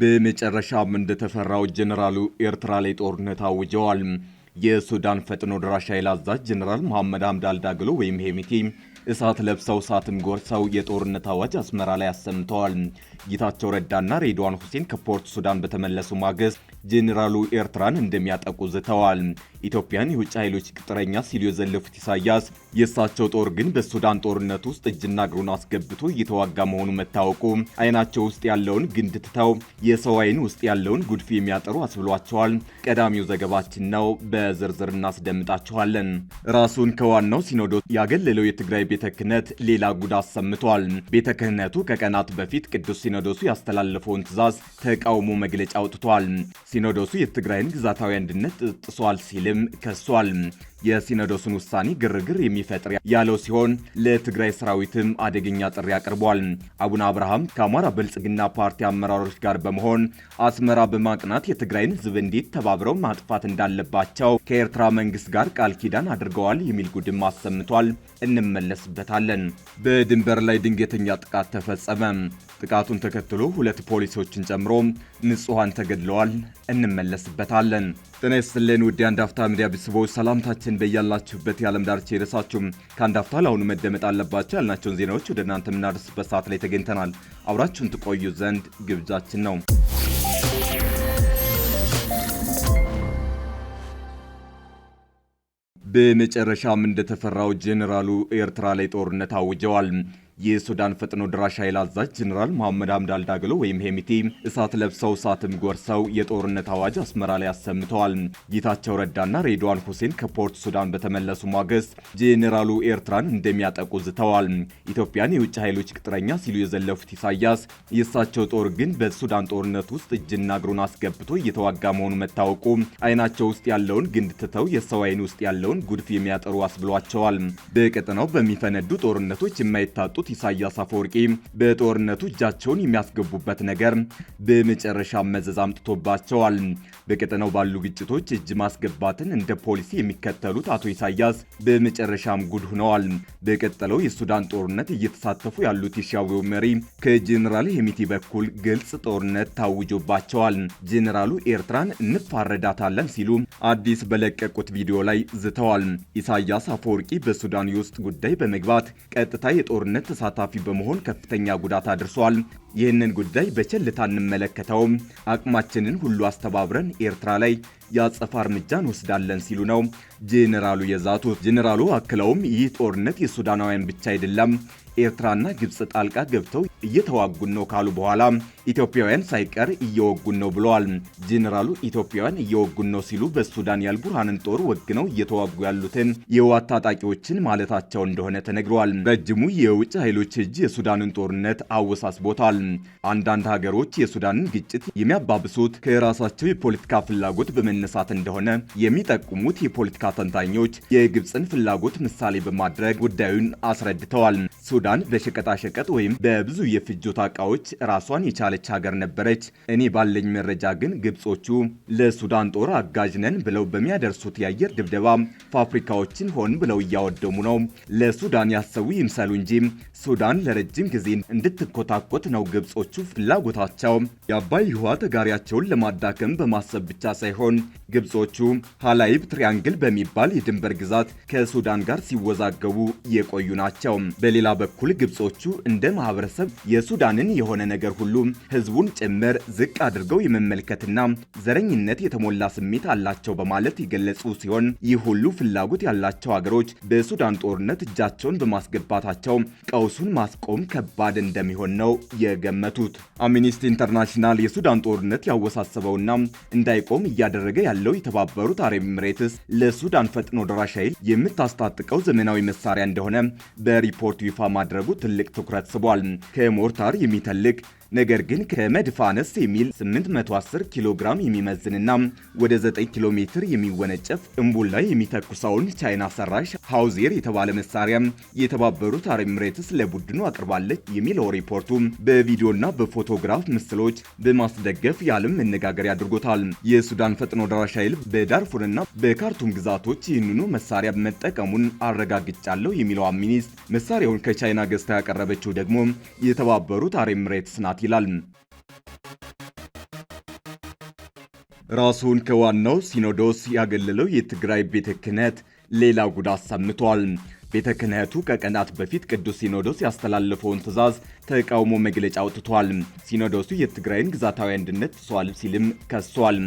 በመጨረሻም እንደተፈራው ጀኔራሉ ኤርትራ ላይ ጦርነት አውጀዋል። የሱዳን ፈጥኖ ድራሽ ኃይል አዛዥ ጀኔራል መሐመድ ሐምድ ዳግሎ ወይም ሄሚቲ እሳት ለብሰው እሳትም ጎርሰው የጦርነት አዋጅ አስመራ ላይ አሰምተዋል። ጌታቸው ረዳና ሬድዋን ሁሴን ከፖርት ሱዳን በተመለሱ ማግስት ጄኔራሉ ኤርትራን እንደሚያጠቁ ዝተዋል። ኢትዮጵያን የውጭ ኃይሎች ቅጥረኛ ሲሉ የዘለፉት ኢሳያስ የእሳቸው ጦር ግን በሱዳን ጦርነት ውስጥ እጅና እግሩን አስገብቶ እየተዋጋ መሆኑ መታወቁ አይናቸው ውስጥ ያለውን ግንድ ትተው የሰው አይን ውስጥ ያለውን ጉድፍ የሚያጠሩ አስብሏቸዋል። ቀዳሚው ዘገባችን ነው። በዝርዝር እናስደምጣችኋለን። ራሱን ከዋናው ሲኖዶስ ያገለለው የትግራይ ቤተ ክህነት ሌላ ጉድ አሰምቷል። ቤተ ክህነቱ ከቀናት በፊት ቅዱስ ሲኖዶሱ ያስተላለፈውን ትዕዛዝ ተቃውሞ መግለጫ አውጥቷል። ሲኖዶሱ የትግራይን ግዛታዊ አንድነት ጥሷል ሲልም ከሷል። የሲኖዶሱን ውሳኔ ግርግር የሚፈጥር ያለው ሲሆን ለትግራይ ሰራዊትም አደገኛ ጥሪ አቅርቧል። አቡነ አብርሃም ከአማራ ብልጽግና ፓርቲ አመራሮች ጋር በመሆን አስመራ በማቅናት የትግራይን ሕዝብ እንዴት ተባብረው ማጥፋት እንዳለባቸው ከኤርትራ መንግስት ጋር ቃል ኪዳን አድርገዋል የሚል ጉድም አሰምቷል። እንመለስበታለን። በድንበር ላይ ድንገተኛ ጥቃት ተፈጸመ። ጥቃቱን ተከትሎ ሁለት ፖሊሶችን ጨምሮ ንጹሐን ተገድለዋል። እንመለስበታለን። ጤና ይስጥልን ውድ ሚዲያ ቤተሰቦች ሰላምታችን ዜናዎችን በያላችሁበት የዓለም ዳርቻ የደረሳችሁም ከአንድ አፍታ ለአሁኑ መደመጥ አለባቸው ያልናቸውን ዜናዎች ወደ እናንተ የምናደርስበት ሰዓት ላይ ተገኝተናል። አብራችሁን ትቆዩ ዘንድ ግብዣችን ነው። በመጨረሻም እንደተፈራው ጄኔራሉ ኤርትራ ላይ ጦርነት አውጀዋል። የሱዳን ፈጥኖ ድራሽ ኃይል አዛዥ ጀኔራል መሐመድ አምዳል ዳግሎ ወይም ሄሚቲ እሳት ለብሰው እሳትም ጎርሰው የጦርነት አዋጅ አስመራ ላይ አሰምተዋል። ጌታቸው ረዳና ሬድዋን ሁሴን ከፖርት ሱዳን በተመለሱ ማግስት ጄኔራሉ ኤርትራን እንደሚያጠቁ ዝተዋል። ኢትዮጵያን የውጭ ኃይሎች ቅጥረኛ ሲሉ የዘለፉት ኢሳያስ የእሳቸው ጦር ግን በሱዳን ጦርነት ውስጥ እጅና እግሩን አስገብቶ እየተዋጋ መሆኑ መታወቁ አይናቸው ውስጥ ያለውን ግንድ ትተው የሰው አይን ውስጥ ያለውን ጉድፍ የሚያጠሩ አስብሏቸዋል። በቀጠናው በሚፈነዱ ጦርነቶች የማይታጡ ያወጡት ኢሳያስ አፈወርቂ በጦርነቱ እጃቸውን የሚያስገቡበት ነገር በመጨረሻ መዘዝ አምጥቶባቸዋል። በቀጠናው ባሉ ግጭቶች እጅ ማስገባትን እንደ ፖሊሲ የሚከተሉት አቶ ኢሳያስ በመጨረሻም ጉድ ሆነዋል። በቀጠለው የሱዳን ጦርነት እየተሳተፉ ያሉት የሻዌው መሪ ከጄኔራል ሄሚቲ በኩል ግልጽ ጦርነት ታውጆባቸዋል። ጄኔራሉ ኤርትራን እንፋረዳታለን ሲሉ አዲስ በለቀቁት ቪዲዮ ላይ ዝተዋል። ኢሳያስ አፈወርቂ በሱዳን የውስጥ ጉዳይ በመግባት ቀጥታ የጦርነት ተሳታፊ በመሆን ከፍተኛ ጉዳት አድርሷል። ይህንን ጉዳይ በቸልታ እንመለከተውም፣ አቅማችንን ሁሉ አስተባብረን ኤርትራ ላይ የአጸፋ እርምጃ እንወስዳለን ሲሉ ነው ጄኔራሉ የዛቱት። ጄኔራሉ አክለውም ይህ ጦርነት የሱዳናውያን ብቻ አይደለም፣ ኤርትራና ግብፅ ጣልቃ ገብተው እየተዋጉን ነው ካሉ በኋላ ኢትዮጵያውያን ሳይቀር እየወጉን ነው ብለዋል። ጄኔራሉ ኢትዮጵያውያን እየወጉን ነው ሲሉ በሱዳን ያልቡርሃንን ጦር ወግነው እየተዋጉ ያሉትን የህወሓት ታጣቂዎችን ማለታቸው እንደሆነ ተነግረዋል። ረጅሙ የውጭ ኃይሎች እጅ የሱዳንን ጦርነት አወሳስቦታል። አንዳንድ ሀገሮች የሱዳንን ግጭት የሚያባብሱት ከራሳቸው የፖለቲካ ፍላጎት በመነሳት እንደሆነ የሚጠቁሙት የፖለቲካ ተንታኞች የግብፅን ፍላጎት ምሳሌ በማድረግ ጉዳዩን አስረድተዋል። ሱዳን በሸቀጣሸቀጥ ወይም በብዙ የፍጆታ እቃዎች ራሷን የቻለች ሀገር ነበረች። እኔ ባለኝ መረጃ ግን ግብጾቹ ለሱዳን ጦር አጋዥ ነን ብለው በሚያደርሱት የአየር ድብደባ ፋብሪካዎችን ሆን ብለው እያወደሙ ነው። ለሱዳን ያሰቡ ይምሰሉ እንጂ ሱዳን ለረጅም ጊዜ እንድትኮታኮት ነው ግብጾቹ ፍላጎታቸው የአባይ ውሃ ተጋሪያቸውን ለማዳከም በማሰብ ብቻ ሳይሆን ግብጾቹ ሀላይብ ትሪያንግል በሚባል የድንበር ግዛት ከሱዳን ጋር ሲወዛገቡ የቆዩ ናቸው። በሌላ በኩል ግብጾቹ እንደ ማህበረሰብ የሱዳንን የሆነ ነገር ሁሉ ህዝቡን ጭምር ዝቅ አድርገው የመመልከትና ዘረኝነት የተሞላ ስሜት አላቸው በማለት የገለጹ ሲሆን ይህ ሁሉ ፍላጎት ያላቸው ሀገሮች በሱዳን ጦርነት እጃቸውን በማስገባታቸው ቀውሱን ማስቆም ከባድ እንደሚሆን ነው ገመቱት። አምኒስቲ ኢንተርናሽናል የሱዳን ጦርነት ያወሳሰበውና እንዳይቆም እያደረገ ያለው የተባበሩት አረብ ኤምሬትስ ለሱዳን ፈጥኖ ደራሽ ኃይል የምታስታጥቀው ዘመናዊ መሳሪያ እንደሆነ በሪፖርቱ ይፋ ማድረጉ ትልቅ ትኩረት ስቧል። ከሞርታር የሚተልቅ ነገር ግን ከመድፋነስ የሚል 810 ኪሎ ግራም የሚመዝንና ወደ 9 ኪሎ ሜትር የሚወነጨፍ ላይ የሚተኩሰውን ቻይና ሰራሽ ሃውዜር የተባለ መሳሪያ የተባበሩት አረብ ኤሚሬትስ ለቡድኑ አቅርባለች የሚለው ሪፖርቱ በቪዲዮና በፎቶግራፍ ምስሎች በማስደገፍ የዓለም መነጋገሪያ አድርጎታል። የሱዳን ፈጥኖ ደራሽ ኃይል በዳርፉርና በካርቱም ግዛቶች ይህንኑ መሳሪያ መጠቀሙን አረጋግጫለሁ የሚለው አሚኒስት መሳሪያውን ከቻይና ገዝታ ያቀረበችው ደግሞ የተባበሩት አረብ ኤሚሬትስ ናት ይላል። ራሱን ከዋናው ሲኖዶስ ያገለለው የትግራይ ቤተ ክህነት ሌላ ጉድ አሰምቷል። ቤተ ክህነቱ ከቀናት በፊት ቅዱስ ሲኖዶስ ያስተላለፈውን ትዕዛዝ ተቃውሞ መግለጫ አውጥቷል። ሲኖዶሱ የትግራይን ግዛታዊ አንድነት ጥሷል ሲልም ከሷል።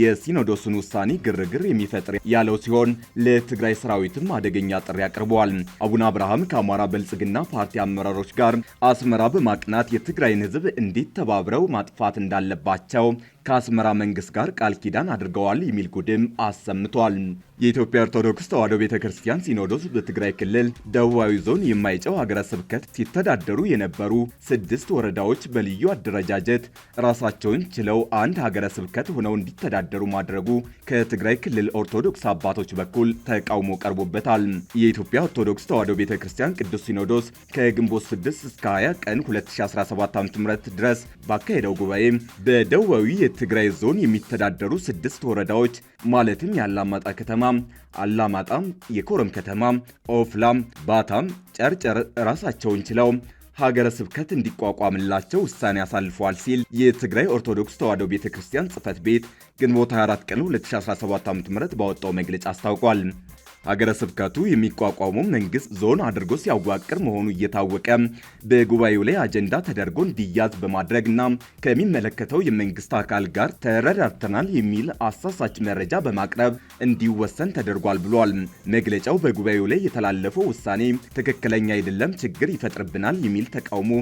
የሲኖዶሱን ውሳኔ ግርግር የሚፈጥር ያለው ሲሆን ለትግራይ ሰራዊትም አደገኛ ጥሪ አቅርበዋል። አቡነ አብርሃም ከአማራ ብልጽግና ፓርቲ አመራሮች ጋር አስመራ በማቅናት የትግራይን ህዝብ እንዴት ተባብረው ማጥፋት እንዳለባቸው ከአስመራ መንግስት ጋር ቃል ኪዳን አድርገዋል የሚል ጉድም አሰምቷል። የኢትዮጵያ ኦርቶዶክስ ተዋሕዶ ቤተ ክርስቲያን ሲኖዶስ በትግራይ ክልል ደቡባዊ ዞን የማይጨው ሀገረ ስብከት ሲተዳደሩ የነበሩ ስድስት ወረዳዎች በልዩ አደረጃጀት ራሳቸውን ችለው አንድ ሀገረ ስብከት ሆነው እንዲተዳደሩ ማድረጉ ከትግራይ ክልል ኦርቶዶክስ አባቶች በኩል ተቃውሞ ቀርቦበታል። የኢትዮጵያ ኦርቶዶክስ ተዋሕዶ ቤተ ክርስቲያን ቅዱስ ሲኖዶስ ከግንቦት 6 እስከ 20 ቀን 2017 ዓ.ም ድረስ ባካሄደው ጉባኤ በደቡባዊ ትግራይ ዞን የሚተዳደሩ ስድስት ወረዳዎች ማለትም የአላማጣ ከተማ፣ አላማጣም፣ የኮረም ከተማ፣ ኦፍላም፣ ባታም፣ ጨርጨር ራሳቸውን ችለው ሀገረ ስብከት እንዲቋቋምላቸው ውሳኔ አሳልፏል ሲል የትግራይ ኦርቶዶክስ ተዋሕዶ ቤተ ክርስቲያን ጽሕፈት ቤት ግንቦት 24 ቀን 2017 ም ባወጣው መግለጫ አስታውቋል። ሀገረ ስብከቱ የሚቋቋመው መንግስት ዞን አድርጎ ሲያዋቅር መሆኑ እየታወቀ በጉባኤው ላይ አጀንዳ ተደርጎ እንዲያዝ በማድረግና ከሚመለከተው የመንግስት አካል ጋር ተረዳድተናል የሚል አሳሳች መረጃ በማቅረብ እንዲወሰን ተደርጓል ብሏል። መግለጫው በጉባኤው ላይ የተላለፈው ውሳኔ ትክክለኛ አይደለም፣ ችግር ይፈጥርብናል የሚል ተቃውሞ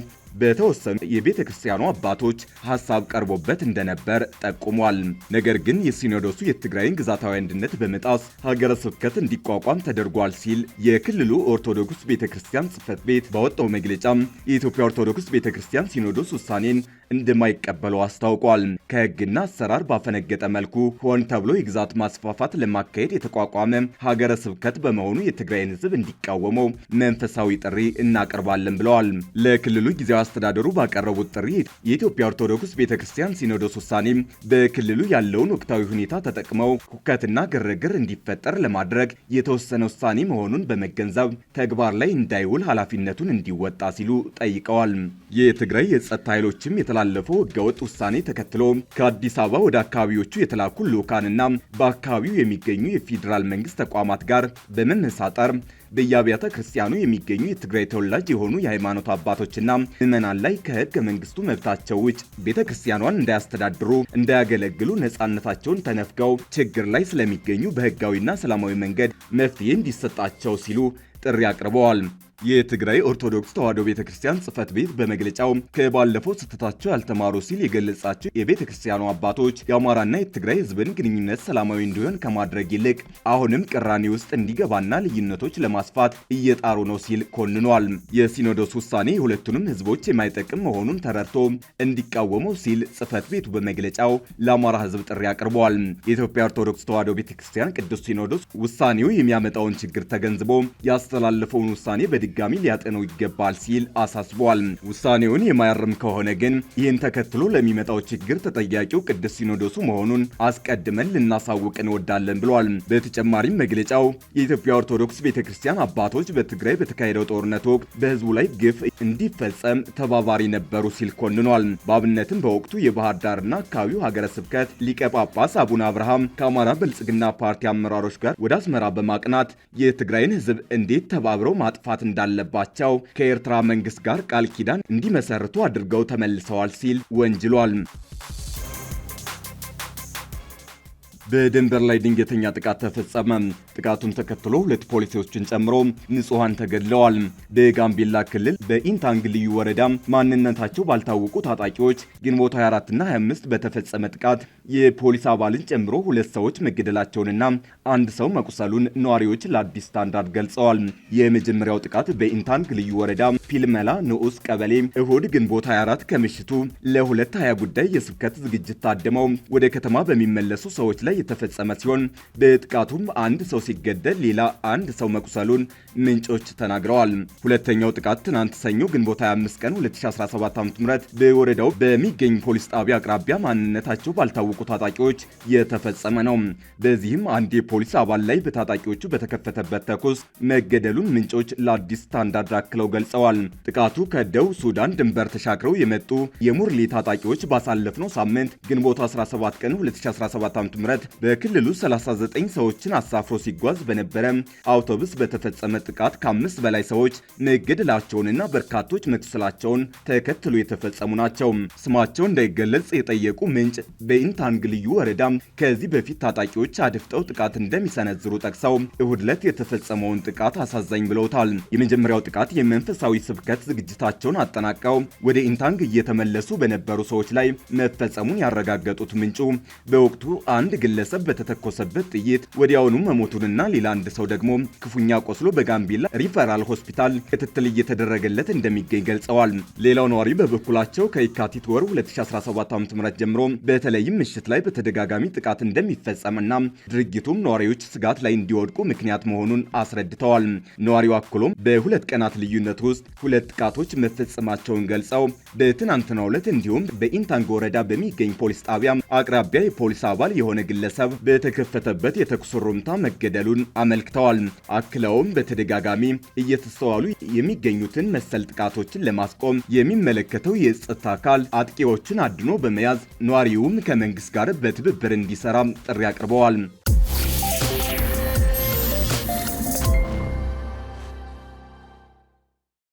በተወሰኑ የቤተ ክርስቲያኑ አባቶች ሀሳብ ቀርቦበት እንደነበር ጠቁሟል። ነገር ግን የሲኖዶሱ የትግራይን ግዛታዊ አንድነት በመጣስ ሀገረ ስብከት እንዲቋቋም ተደርጓል ሲል የክልሉ ኦርቶዶክስ ቤተ ክርስቲያን ጽሕፈት ቤት ባወጣው መግለጫም የኢትዮጵያ ኦርቶዶክስ ቤተ ክርስቲያን ሲኖዶስ ውሳኔን እንደማይቀበለው አስታውቋል። ከህግና አሰራር ባፈነገጠ መልኩ ሆን ተብሎ የግዛት ማስፋፋት ለማካሄድ የተቋቋመ ሀገረ ስብከት በመሆኑ የትግራይን ህዝብ እንዲቃወመው መንፈሳዊ ጥሪ እናቀርባለን ብለዋል። ለክልሉ ጊዜያዊ አስተዳደሩ ባቀረቡት ጥሪ የኢትዮጵያ ኦርቶዶክስ ቤተ ክርስቲያን ሲኖዶስ ውሳኔ በክልሉ ያለውን ወቅታዊ ሁኔታ ተጠቅመው ሁከትና ግርግር እንዲፈጠር ለማድረግ የተወሰነ ውሳኔ መሆኑን በመገንዘብ ተግባር ላይ እንዳይውል ኃላፊነቱን እንዲወጣ ሲሉ ጠይቀዋል። የትግራይ የጸጥታ ኃይሎችም የተላ የተላለፈው ህገወጥ ውሳኔ ተከትሎ ከአዲስ አበባ ወደ አካባቢዎቹ የተላኩ ልዑካንና በአካባቢው የሚገኙ የፌዴራል መንግስት ተቋማት ጋር በመነሳጠር በየአብያተ ክርስቲያኑ የሚገኙ የትግራይ ተወላጅ የሆኑ የሃይማኖት አባቶችና ምዕመናን ላይ ከህገ መንግስቱ መብታቸው ውጭ ቤተ ክርስቲያኗን እንዳያስተዳድሩ፣ እንዳያገለግሉ ነጻነታቸውን ተነፍገው ችግር ላይ ስለሚገኙ በህጋዊና ሰላማዊ መንገድ መፍትሄ እንዲሰጣቸው ሲሉ ጥሪ አቅርበዋል። የትግራይ ኦርቶዶክስ ተዋሕዶ ቤተ ክርስቲያን ጽሕፈት ቤት በመግለጫው ከባለፈው ስህተታቸው ያልተማሩ ሲል የገለጻቸው የቤተ ክርስቲያኑ አባቶች የአማራና የትግራይ ሕዝብን ግንኙነት ሰላማዊ እንዲሆን ከማድረግ ይልቅ አሁንም ቅራኔ ውስጥ እንዲገባና ልዩነቶች ለማስፋት እየጣሩ ነው ሲል ኮንኗል። የሲኖዶስ ውሳኔ የሁለቱንም ሕዝቦች የማይጠቅም መሆኑን ተረድቶ እንዲቃወመው ሲል ጽሕፈት ቤቱ በመግለጫው ለአማራ ሕዝብ ጥሪ አቅርበዋል። የኢትዮጵያ ኦርቶዶክስ ተዋሕዶ ቤተ ክርስቲያን ቅዱስ ሲኖዶስ ውሳኔው የሚያመጣውን ችግር ተገንዝቦ ያስተላለፈውን ውሳኔ በድ በድጋሚ ሊያጠነው ይገባል ሲል አሳስቧል። ውሳኔውን የማያርም ከሆነ ግን ይህን ተከትሎ ለሚመጣው ችግር ተጠያቂው ቅዱስ ሲኖዶሱ መሆኑን አስቀድመን ልናሳውቅ እንወዳለን ብሏል። በተጨማሪም መግለጫው የኢትዮጵያ ኦርቶዶክስ ቤተ ክርስቲያን አባቶች በትግራይ በተካሄደው ጦርነት ወቅት በህዝቡ ላይ ግፍ እንዲፈጸም ተባባሪ ነበሩ ሲል ኮንኗል። በአብነትም በወቅቱ የባህር ዳርና አካባቢው ሀገረ ስብከት ሊቀ ጳጳስ አቡነ አብርሃም ከአማራ ብልጽግና ፓርቲ አመራሮች ጋር ወደ አስመራ በማቅናት የትግራይን ህዝብ እንዴት ተባብረው ማጥፋት እንዳለባቸው ከኤርትራ መንግስት ጋር ቃል ኪዳን እንዲመሰርቱ አድርገው ተመልሰዋል ሲል ወንጅሏል። በደንበር ላይ ድንገተኛ ጥቃት ተፈጸመ። ጥቃቱን ተከትሎ ሁለት ፖሊሶችን ጨምሮ ንጹሐን ተገድለዋል። በጋምቤላ ክልል በኢንታንግ ልዩ ወረዳ ማንነታቸው ባልታወቁ ታጣቂዎች ግንቦት 24 እና 25 በተፈጸመ ጥቃት የፖሊስ አባልን ጨምሮ ሁለት ሰዎች መገደላቸውንና አንድ ሰው መቁሰሉን ነዋሪዎች ለአዲስ ስታንዳርድ ገልጸዋል። የመጀመሪያው ጥቃት በኢንታንግ ልዩ ወረዳ ፒልመላ ንዑስ ቀበሌ እሁድ ግንቦት 24 ከምሽቱ ለሁለት ሀያ ጉዳይ የስብከት ዝግጅት ታድመው ወደ ከተማ በሚመለሱ ሰዎች ላይ የተፈጸመ ሲሆን በጥቃቱም አንድ ሰው ሲገደል ሌላ አንድ ሰው መቁሰሉን ምንጮች ተናግረዋል። ሁለተኛው ጥቃት ትናንት ሰኞ ግንቦት 25 ቀን 2017 ዓ.ም በወረዳው በሚገኝ ፖሊስ ጣቢያ አቅራቢያ ማንነታቸው ባልታወቁ ታጣቂዎች የተፈጸመ ነው። በዚህም አንድ የፖሊስ አባል ላይ በታጣቂዎቹ በተከፈተበት ተኩስ መገደሉን ምንጮች ለአዲስ ስታንዳርድ አክለው ገልጸዋል። ተገኝተዋል። ጥቃቱ ከደቡብ ሱዳን ድንበር ተሻግረው የመጡ የሙርሊ ታጣቂዎች ባሳለፍነው ሳምንት ግንቦት 17 ቀን 2017 ዓ.ም በክልሉ 39 ሰዎችን አሳፍሮ ሲጓዝ በነበረ አውቶቡስ በተፈጸመ ጥቃት ከአምስት በላይ ሰዎች መገደላቸውንና በርካቶች መቁሰላቸውን ተከትሎ የተፈጸሙ ናቸው። ስማቸው እንዳይገለጽ የጠየቁ ምንጭ በኢንታንግ ልዩ ወረዳ ከዚህ በፊት ታጣቂዎች አድፍጠው ጥቃት እንደሚሰነዝሩ ጠቅሰው እሁድ ዕለት የተፈጸመውን ጥቃት አሳዛኝ ብለውታል። የመጀመሪያው ጥቃት የመንፈሳዊ ስብከት ዝግጅታቸውን አጠናቀው ወደ ኢንታንግ እየተመለሱ በነበሩ ሰዎች ላይ መፈጸሙን ያረጋገጡት ምንጩ በወቅቱ አንድ ግለሰብ በተተኮሰበት ጥይት ወዲያውኑ መሞቱንና ሌላ አንድ ሰው ደግሞ ክፉኛ ቆስሎ በጋምቢላ ሪፈራል ሆስፒታል ክትትል እየተደረገለት እንደሚገኝ ገልጸዋል። ሌላው ነዋሪ በበኩላቸው ከየካቲት ወር 2017 ዓ.ም ጀምሮ በተለይም ምሽት ላይ በተደጋጋሚ ጥቃት እንደሚፈጸምና ድርጊቱም ነዋሪዎች ስጋት ላይ እንዲወድቁ ምክንያት መሆኑን አስረድተዋል። ነዋሪው አክሎም በሁለት ቀናት ልዩነት ውስጥ ሁለት ጥቃቶች መፈጸማቸውን ገልጸው በትናንትናው ዕለት እንዲሁም በኢንታንግ ወረዳ በሚገኝ ፖሊስ ጣቢያ አቅራቢያ የፖሊስ አባል የሆነ ግለሰብ በተከፈተበት የተኩስ ሩምታ መገደሉን አመልክተዋል። አክለውም በተደጋጋሚ እየተስተዋሉ የሚገኙትን መሰል ጥቃቶችን ለማስቆም የሚመለከተው የጸጥታ አካል አጥቂዎችን አድኖ በመያዝ ነዋሪውም ከመንግስት ጋር በትብብር እንዲሰራ ጥሪ አቅርበዋል።